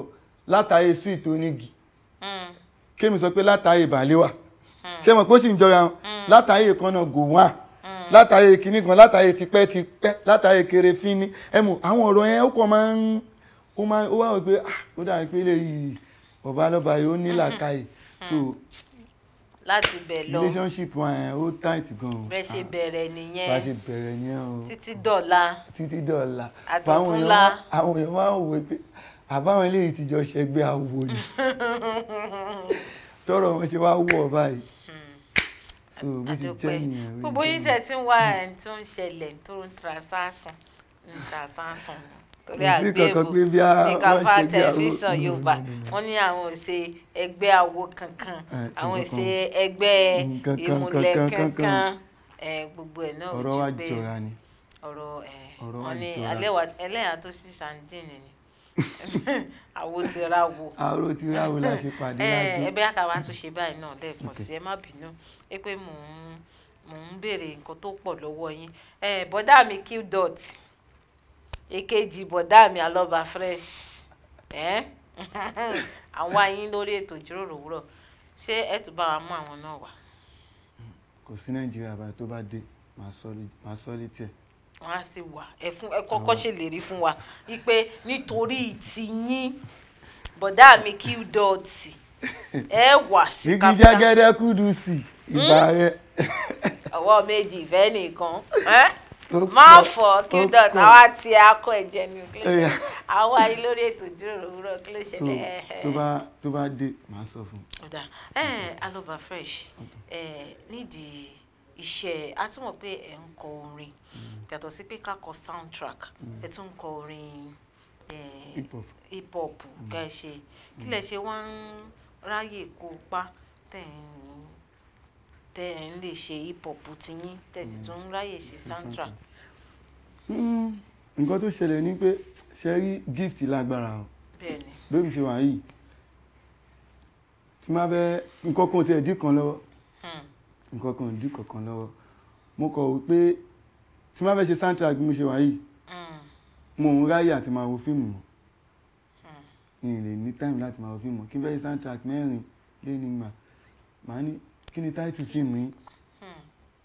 látàáyé sweet onígi hmm. kémi sọ pé látàáyé bàléwà ṣé mọ̀ pé ó sì ń jọra wọn látàáyé kan náà gòwà látàáyé kinní kan látàáyé tipẹ́ látàáyé kéré fínní ẹ àwọn ọ̀rọ̀ yẹn ó kọ́ máa ń ó máa ó wá wọ ah, ó dàbí pé ilé yìí bàbá lọ́ba yìí ó ní làákàyè so láti bẹ̀ lọ relationship wọn ẹ̀ ó tight gan o bẹ́ẹ̀ ṣe ah, bẹ̀rẹ̀ nìyẹn bá ṣe bẹ̀rẹ̀ nìyẹn o títí dọ̀la títí dọ̀la àtọ̀túnla àwọn èèyàn máa ń wò pé àbáwọn eléyìí ti jọ ṣẹgbẹ́ àwò ni tọrọ wọn ṣe wá wọ̀ báyìí hmm. so bó ti jẹ́ nìyẹn. gbogbo yín tẹ̀ tí ń wá ẹ̀ tó ń ṣẹlẹ̀ tó ń transaction ń transaction torí àgbẹ̀bù nǹkan fa tẹlifíṣàn yorùbá mm. wọn ní àwọn ò ṣe ẹgbẹ́ awo kankan ah, àwọn ò ṣe ẹgbẹ́ mm, ìmùlẹ̀ kankan gbogbo ẹ̀ náà ojú pé ọ̀rọ̀ wọn ní ẹlẹ́yà tó sì sàǹdìní ni àwo ti ra wo àwo ti ra wo la ṣe pàdé láti ẹ bẹ́ẹ̀ ká wá tún ṣe báyìí náà lẹ́ẹ̀kan sí ẹ má bínú ẹ pé mò ń mò ń béèrè nǹkan tó pọ̀ lọ́wọ́ yín bọ́dá mi q dot èkejì bọ̀dá mi alọ́ba fresh àwọn ayín lórí ètò ìjíròrò òwúrọ̀ ṣé ẹ tún bá wa mú àwọn náà wá. kò sí nàìjíríà báyìí tó bá dé màá sọ létí ẹ. wọn á sì wà ẹ fún ẹ kọ́kọ́ ṣèlérí fún wa wípé nítorí tiyín bọ̀dá mi kí dọ̀tì ẹ wà sí káfíńtà. igi jẹ́gẹ́dẹ́ kúdù sí ìbá rẹ. ọwọ́ méjì ìfẹ́ nìkan má fọ kí dọ̀tí àwa ti akọ ẹ̀jẹ̀ ni kí ló ṣe àwa yìí lórí ètò ìjíròrò òwúrọ̀ kí ló ṣẹlẹ̀. tó tó bá dé màá sọ fún. ọ̀dà aloba fresh nídìí iṣẹ́ a tún mọ̀ pé ẹ̀ ń kọ orin mm. yàtọ̀ sí pé ká soundtrack mm. ẹ̀ tún ń kọ orin hip hop mm. kẹ́ ẹ ṣe kí lẹ ṣe wá ń ráyè kópa tẹ̀ ń tẹ́ ẹ̀ ń lè ṣe hip hop tiyín tẹ̀sí tó ń ráyè ṣe santra. Hmm, nǹkan tó ṣẹlẹ̀ ni pé ṣe rí gift lágbára o bẹ́ẹ̀ mi ṣe wà yìí tí máa fẹ́ nǹkan kan tiẹ̀ dín kan lọ́wọ́ hmm. nǹkan kan dín kankan lọ́wọ́ mo kọ̀ wípé tí máa fẹ́ ṣe soundtrack bí mo ṣe wà yìí hmm. mo ń ráyè àti máa wo fíìmù mọ́ mi ì lè ní time láti máa wo fíìmù mọ́ kí n fẹ́ ṣe soundtrack mẹ́rin lé ní mà máa ní kí ni táìtù fíìmù yìí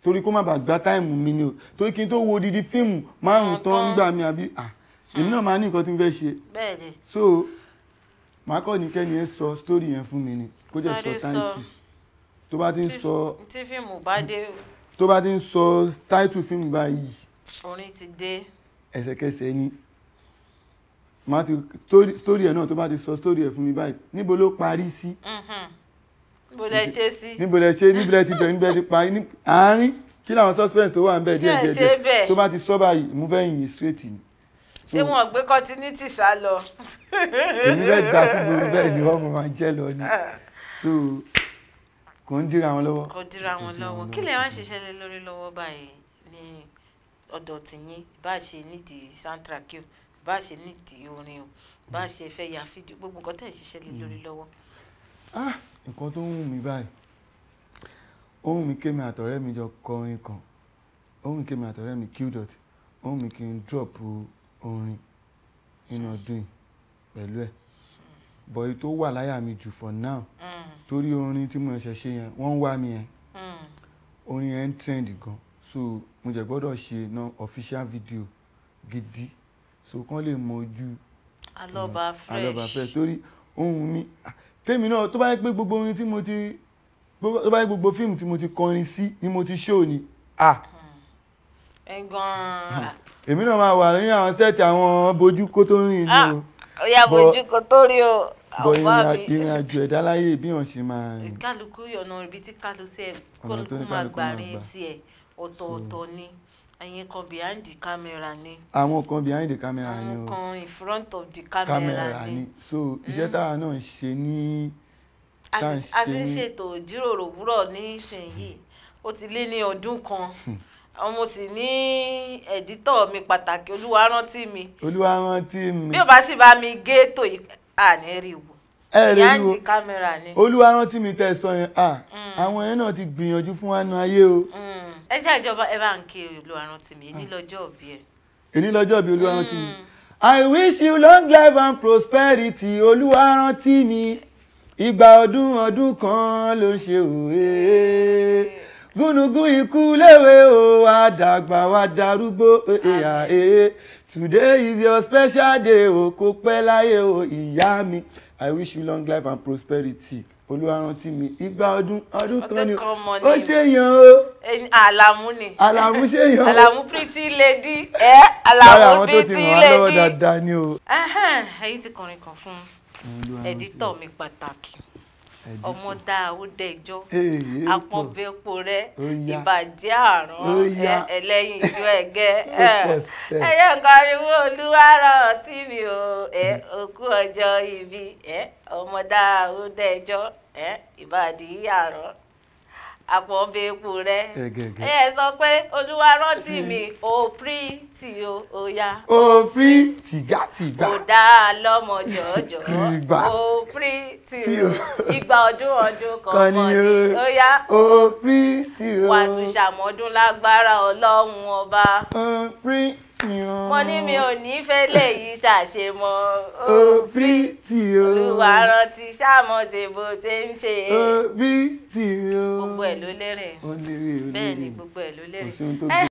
torí kó má bàa gba táìmù mi ni o torí kí n tó wo odidi fíìmù márùn tán ń gbà mí àbí ah, hmm. èmi náà máa ní nǹkan tí mo fẹ́ ṣe so màá kọ́ ní kẹ́ni ẹ sọ sítórì yẹn fún mi ni kó jẹ́ sọ táìtù tó bá ti ń sọ tí fíìmù bá dé tó bá ti ń sọ táìtù fíìmù báyìí orin ti dé ẹsẹ̀kẹsẹ̀ ni màá ti sítórì ẹ̀ náà tó bá ti sọ sítórì ẹ̀ fún mi báyìí níbo ló parí sí. Mhm níbo lẹ ṣe sí níbo lẹ ṣe níbo lẹ ti bẹ̀rẹ̀ níbo lẹ ti pa ní àárín kí làwọn suspense tó wà ń bẹ̀ díẹ̀ díẹ̀ díẹ̀ tó bá ti sọ́ báyìí ìmúfẹ́yìn yìí straight ni ṣé wọn gbé continuity sá lọ. èmi bẹ́ẹ̀ gbà sí gbogbo bẹ́ẹ̀ ni wọ́n máa jẹ́ lọ ni so kò ń dira wọn lọ́wọ́. kò dira wọn lọ́wọ́ kí lè wá ṣiṣẹ́ lé lórí lọ́wọ́ báyìí ní ọ̀dọ̀ tìyín bá a ṣe nídìí soundtrack o bá a ṣe nídìí orin o bá a ṣe fẹ́ ya fídíò gbogbo nǹkan tẹ̀ ṣiṣẹ́ lé lórí lọ́wọ́. Ah! nǹkan tó ń wù mí báyìí ó wù mí kémi àtọ̀rẹ́ mi jọ kọrin kan ó wù mí kémi àtọ̀rẹ́ mi qdot ó wù mí kí n drop orin nínú ọdún yìí pẹ̀lú ẹ̀ bọ̀ èyí tó wà láyà mi jù for now mm. torí orin tí mo ṣẹ̀ ṣe yẹn wọ́n ń wá mi yẹn mm. orin yẹn ń trend gan so mo jẹ̀ gbọ́dọ̀ ṣe na official video gidi so kán lè mọ ojú alọba fresh alọba fresh torí ohun mi tèmi náà tó bá yẹ pé gbogbo orin tí mo ti tó bá yẹ gbogbo fíìmù tí mo ti kọrin sí ni mo ti ṣó ni à. ẹ gan-an. èmi náà máa wà ní àwọn sẹ́ẹ̀tì àwọn bojú kó tó rìn ni o. ó yà bojú kó tó rí o. bọ ìrìn àjò ẹ̀dá láyé bí wọ́n ṣe máa. kálukú ọ̀nà ibi tí kálukú máa gbà rìn tiẹ̀ ọ̀tọ̀ọ̀tọ̀ ni. So ẹ̀yin kan behind the camera ni. àwọn kan behind the camera ni o àwọn kan in front of the camera, camera ni. so iṣẹ́ mm. táwa náà ń ṣe ní. a sì ń ṣètò ìjíròrò òwúrọ̀ nísìnyìí ó ti lé ní ọdún kan hmm. mo sì ní ẹ̀dítọ̀ mi pàtàkì Olúwarántí mi. Olúwarántí mi. bí o bá sì bá mi gé tó yìí àní rí wò ẹ lè wo Olúwarántí mi tẹ̀ sọ yẹn hmm. àwọn yẹn náà ti gbìyànjú fún wa nu ayé o. Mm ẹ jẹ́ ìjọba ẹ bá ń ké Olúwarántìmí èyí ah. lọ́jọ́ òbí ẹ̀. èyí lọ́jọ́ òbí Olúwarántìmí. Hmm. I wish you long life and prosperity Olúwarántìmí ìgbà ọdún ọdún kan ló ń ṣe òwe hmm. gúnugún ikú léwe o àdàgbà wa darúgbó èèyàn eh, eh, ah, èè eh, today is your special day o kò pẹ́ láyé o ìyá mi I wish you long life and prosperity olùwàrántí mi igba ọdún ọdún kan ni ó ṣèyàn o. alamu ni alamu ṣèyàn o alamu pretty lady ẹ alamu pretty lady. lára àwọn tó ti ràn án lọ́wọ́ dáadáa ni o. ẹ̀yin ti kọrin kan fún ẹdítọ̀ mi pàtàkì ọmọ dáa ó dẹjọ́ àpọ̀nbẹ́pọ̀ rẹ ìbàjẹ́ àrùn ẹlẹ́yin ìjọ ẹ̀gẹ́ ẹ̀yẹ nǹkan ariwo olúwarọ̀ tv o mm. òkú ọjọ́ ibi ọmọ dáa ó dẹjọ́ ìbàdí àrùn àpò epo rẹ̀ ẹ sọ pé olúwa rántí mi ò pírítì o ò yá. ò pírítì gàtìgbà. kò dáa lọ́mọ jọ̀ọ́jọ̀ ò pírítì o ìgbà ọdún ọdún kan mọ́ ni ó yá. ò pírítì o wàtúnṣàmọ́dún lágbára ọlọ́run ọba. ò pírítì mo oh. ní mi ò ní fẹ́ lè yí ṣàṣemọ òbí tí o oh, oh. olúwa rántí ṣáàmọ tèbó tẹ ń ṣe é òbí tí o gbogbo ẹ̀ ló lérè bẹ́ẹ̀ ni gbogbo ẹ̀ ló lérè.